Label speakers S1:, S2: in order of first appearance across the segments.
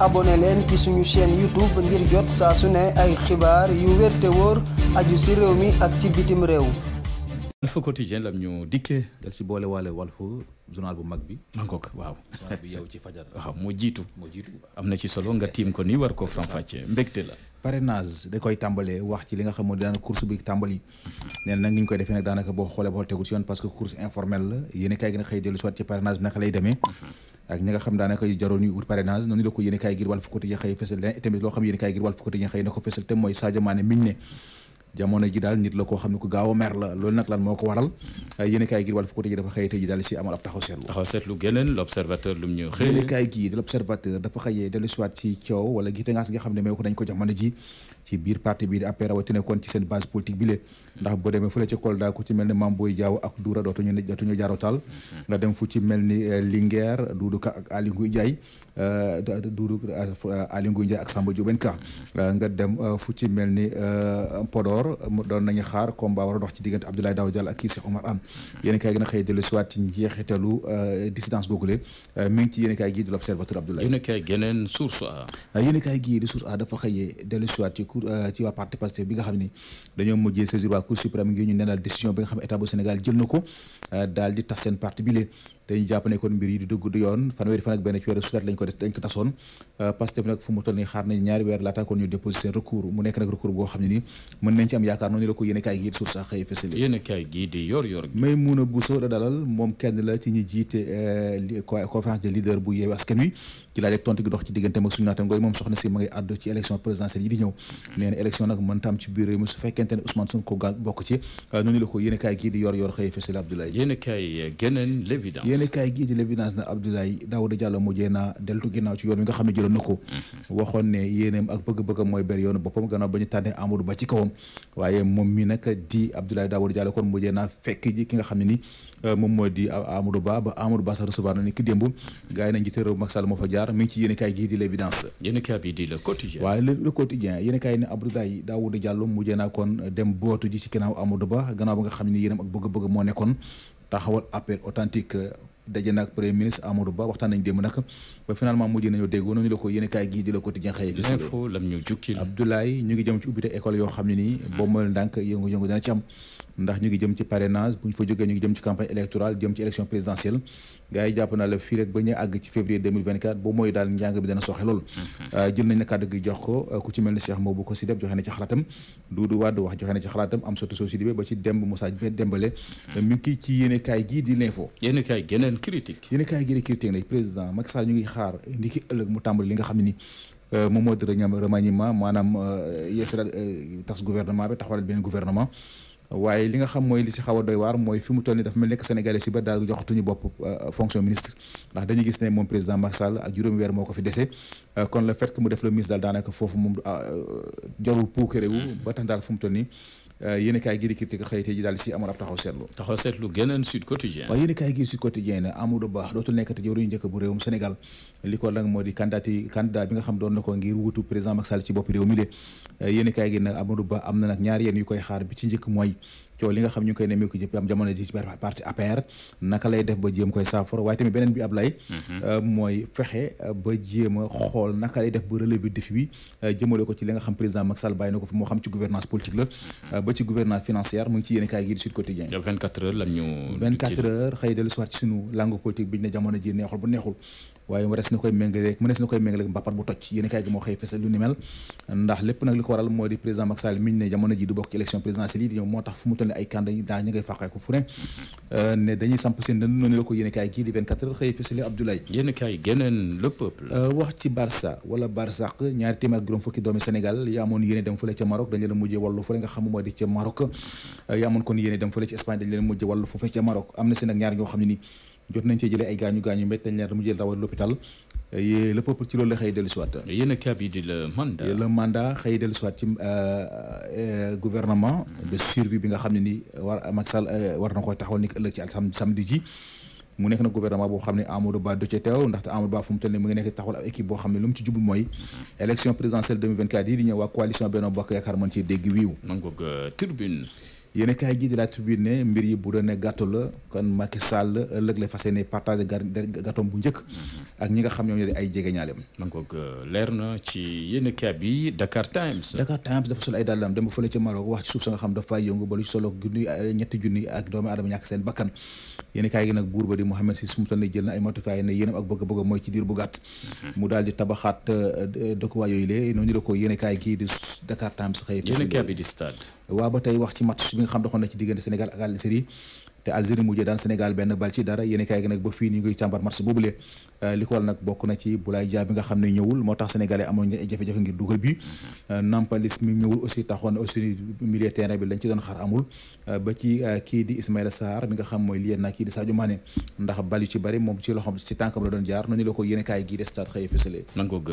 S1: abonné leen ci suñu chaîne YouTube ngir jot saa su ne ay xibaar yu wér te wóor aju si réew mi ak ci bitim réew. Walf Quotidien lam ñu dikkee. dal si boole waale Walf journal bu mag bi. Bangkok waaw. journal bi yow ci fajar. waaw moo jiitu. moo jiitu am na ci solo nga tiim ko nii war koo faram-fàccee mbégte la.
S2: parrainage da koy tàmbalee wax ci li nga xam moo di daan course bi tàmbali nee nag ni ñu koy defee nag daanaka boo xoolee boo tegul si yoon parce que course informelle la yéen a gi na xëy dellu si waat ci parrainage bi naka lay demee. ak ñi xam daanaka jaroon ñu ut parrainage noonu la ko yéen kaay gir wàll fu ko loo xam yéen kaay gir wàll fu ko tëjee xëy na ko fesal te miñ ne jamono ji daal nit la koo xam ne ku gaaw a la loolu nag lan moo ko waral yéen kaay gi wàllu côté ji dafa xëy tey ji daal si amal ab taxaw seetlu
S1: taxaw lu mu ñëw xëy yéen kaay gi
S2: dafa xëyee dellu si waat ci coow wala gite ngaas nga xam ne meew ko dañ ko jamono ji ci biir parti bi di APR rawatina kon ci seen base politique bi lee ndax boo demee fële ca Kolda ku ci mel ni Mame Boye Diao ak Doura dootuñu ne dootuñu jaarotaal nga dem fu ci mel ni euh, Linguère Doudou Ka ak euh, euh, nga dem fu ci mel ni Podor accord doon nañu xaar combat war a dox ci diggante Abdoulaye Daouda ak kii Cheikh Omar Anne yéen kaay na xëy dellu siwaat ci njeexitalu euh, dissidence euh, ngi ci yéen kaay gii di l'Observateur Abdoulaye yéen
S1: kaay geneen a
S2: euh, yéen kaay gii di source a ci waa parti Pastef bi nga xam ne dañoo mujjee saisir waa cour suprême ngir ñu nenal décision bi nga xam état bu Sénégal jël na ko daal di tas seen parti bi lee te ñu jàpp mbir yi di du yoon fanweeri fan ak benn ci weeru sulet lañ ko des dañ tasoon euh, Pastef fu mu toll nii xaar nañ ñaari weer laata kon ñu déposé recours mu nekk nag recours boo xam ni mën nañ ci am yaakaar noonu la ko yéen gii di suuf sax xëy fësale yéen kaay yéen kaay gii di l'évidence na Abdoulaye Daouda mujjee naa mm-hmm. ba ñu tànnee Amadou Ba ci kawam waaye moom mi nag di Abdoulaye Daouda kon euh, moo fa jaar mi ngi ci yéen kaay gii di l'évidence waaye le quotidien yéen kaay ne Abdoulaye Daouda Diallo mujjee naa kon dem bootu ji ci ginnaaw Amadou Ba gannaaw ba nga xam ne ni yéeneem ak bëgg-bëggam moo nekkoon taxawal appel authentique euh, daje na ak premier ministre Amadou Ba waxtaan nañu démb nag ba finalement mujj nañoo déggoo nañu la ko yéen kaay di la quotidien xëye fi Abdoulaye ñu ngi jëm ci ubbite école yoo xam ne nii hmm. boo moyul ndànk yëngu-yëngu dana ci am ndax ñu ngi jëm ci parrainage bu ñu fa jógee ñu ngi jëm ci campagne électorale jëm ci élection présidentielle gars jàpp naa la fii ba ñu àgg ci février 2024 mooy daal njàng bi dana soxe lool mm-hmm. euh, jël nañ na kàddu gi jox ko euh, ku ci mel ni Cheikh Mabou ko si def joxe na ci xalaatam Doudou Wade wax joxe na ci xalaatam am soto soo si dibé ba ci demb Moussa Dembélé mi mm-hmm. ngi ci yéene kaay gii di l'info yéene kaay geneen critique yéene gii di critique nag président ki ëllëg mu tàmbali li nga xam ne euh, moom moo di remaniement maanaam tas gouvernement bi taxawal beneen gouvernement waaye li nga xam mooy li si xaw a doy waar mooy fi mu toll nii dafa mel nekk sénégalais si ba daal joxatuñu bopp euh, fonction ministre ndax dañu gis ne moom président Macky Sall ak juróomi weer moo ko fi dese euh, kon le fait mu def le ministre daal daanaka foofu moom euh, jarul puukere wu mm. ba tax daal fu mu toll nii Euh, yéen a kaay gi di critique xëy tey ji daal si amoon ab taxaw seetlu taxaw seetlu geneen Sud Quotidien waaw yéen a kaay gi Sud Quotidien ne Amadou Ba dootul nekkati jëwriñu njëkk bu réewum Sénégal li ko nag moo di candidat yi candidat bi nga xam doon na ko ngir wutu président Macky Sall ci bopp réew mi de euh, yéen a kaay gi nag Amadou Ba am na nag ñaar yéen yu koy xaar bi ci njëkk mooy coow li nga xam ñu ngi koy nemee ko jëpp am jamono ji ci parti APR naka lay def ba jéem koy saafara waaye tamit beneen bi Ablaye mhm. euh, mooy fexe euh, ba a xool naka lay def ba relever défi bi euh, jëmale ko ci li nga xam président Macky Sall bàyyi na ko fi moo xam ci gouvernance politique la mhm. ba ci gouvernance financière mu ngi ci yéen kaay gi di Sud Quotidien 24 heures lan ñu 24 heures xëy dellu soir ci langue politique bi ñu ne jamono ji neexul bu neexul waaye mënees na koy méngaleeg mënees na koy méngaleeg mbappat bu toj yéen kaay gi moo xëy fesal lu ni mel ndax lépp nag li ko waral mooy di président Macky Sall ne jamono ji du bokk ci élection présidentielle yi di ñëw moo tax fu mu toll ay candidat daa ñu ngay fàqee ko fu ne euh, la ko yéen kaay gii di 24 heures euh, wax ci Barça wala Barsaq ñaari téeméer ak juróom fukki doomi Sénégal yi amoon yéene dem fële ca Maroc dañ leen mujjee wallu fële nga xam di ca Maroc euh, yi amoon kon jot nañ cee jëlee ay gaañu gaañu métti nañ leen mu jël rawal l'hôpital yee le peuple ci loolu la xëy dellusiwaat. yéen a kii di le mandat le dellu xëy dellusiwaat ci euh, euh, gouvernement. de bi nga xam ne ni war Macky Sall euh, war na koy taxawal ni ko ëllëg ci sam samedi ji. mu nekk na gouvernement boo xam ne Amadou Ba du ci teew ndaxte Amadou Ba fu mu toll mu ngi nekk taxawal ab équipe boo xam ne lu mu ci jublu mooy. élection présidentielle yi di ñëw waa coalition Benno Bokk Yaakaar yéen kaay gi di la ne mbir yi bu doon ne gâteau la kon Macky Sall ëllëg la fas yéene partagé gâteau bu njëkk mhm. ak ñi nga xam ñoom ñoo di ay jegeñaaleem donc euh,
S1: leer na ci yéen kaay bi Dakar Times Dakar
S2: Times dafa sol ay dàllam dem ba fële ca Maroc wax ci suuf sa nga xam dafa yëngu ba lu solo junni ñetti junni ak doomu aadama ñàkk seen bakkan yenekaay gi nag buur ba di Mouhamed Sy Soumtane jël na ay matukaay ne yéenam ak bëgg-bëgg mooy ci diir bu mhm. mu daal di tabaxaat euh, dëkkuwaay yooyu le noonu la ko yéen kaay kii di Dakar Times xëy yéen kaay bi di stade waaw ba tey wax ci match bi nga xam doxoon na ci diggante Sénégal ak Algérie te Algérie mujjee daan Sénégal benn bal ci dara yéen kaay gi nag ba fii ñu ngi càmbar match boobule euh, li ko nag bokk na ci Boulaye Dia bi nga xam euh, ci doon xaar amul euh, ba ci kii di Ismaïla Sarr mi nga xam mooy lié na kii di Sadio Mané ndax bal yu ci bari moom ci loxoom ci tànkam la doon jaar noonu la ko yéen kaay gii de stade xëyee fësalee nangoog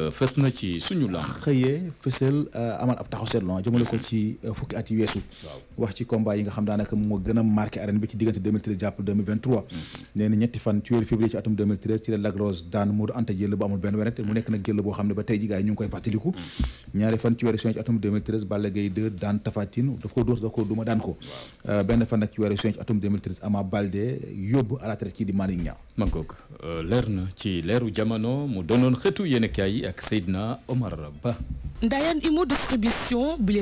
S2: ko ci fukki gën a marqué arène bi ci diggante 2013 jàpp 2023 nee na ñetti fan ci weeru février ci atum ci la Lac Rose daan Modou Anta jël bu amul benn werante mu nekk nag jël boo xam ne ba tey ji ñu ngi koy fàttaliku ñaari fan ci weeru juin ci atum 2013 Balla Gaye daan Tapha Tine daf ko dóor ko duma daan ko euh, benn fan nag ci weeru juin ci atum 2013 Ama yóbbu à ci di Malick Niang
S1: magog euh, leer na ci leeru jamono mu doonoon xëtu yéen kaay yi ak Seydina Omar Ba Ndayane Imo distribution bi